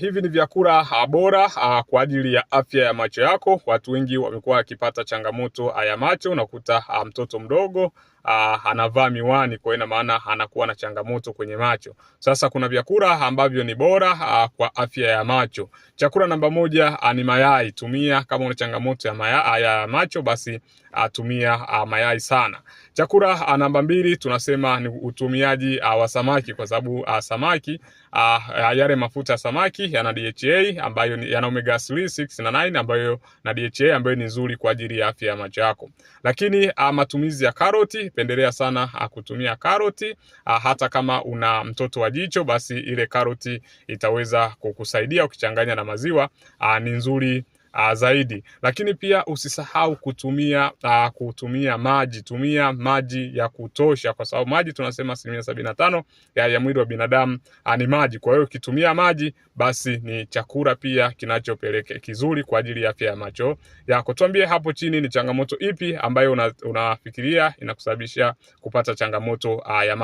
hivi ni vyakula ah, bora ah, kwa ajili ya afya ya macho yako. Watu wengi wamekuwa wakipata changamoto ah, ya macho, unakuta mtoto mdogo Uh, anavaa miwani kwa ina maana anakuwa na changamoto kwenye macho. Sasa kuna vyakula ambavyo ni bora uh, kwa afya ya macho. Chakula namba moja uh, ni mayai. Tumia kama una changamoto ya, ya macho basi tumia mayai sana. Chakula namba mbili tunasema ni utumiaji uh, wa samaki, kwa sababu uh, samaki uh, yale mafuta ya samaki yana DHA ambayo ni, yana omega 3, 6 na 9 ambayo na DHA ambayo ni nzuri kwa ajili ya afya ya macho yako. Lakini uh, matumizi ya karoti, pendelea sana uh, kutumia karoti uh, hata kama una mtoto wa jicho, basi ile karoti itaweza kukusaidia ukichanganya na maziwa, uh, ni nzuri uh, zaidi. Lakini pia usisahau kutumia uh, kutumia maji, tumia maji ya kutosha, kwa sababu maji tunasema asilimia sabini na tano ya, ya mwili wa binadamu uh, ni maji. Kwa hiyo ukitumia maji basi ni chakula pia kinachopeleke kizuri kwa ajili ya afya ya macho yako. Tuambie hapo chini ni changamoto ipi ambayo unafikiria una inakusababisha kupata changamoto uh, ya macho.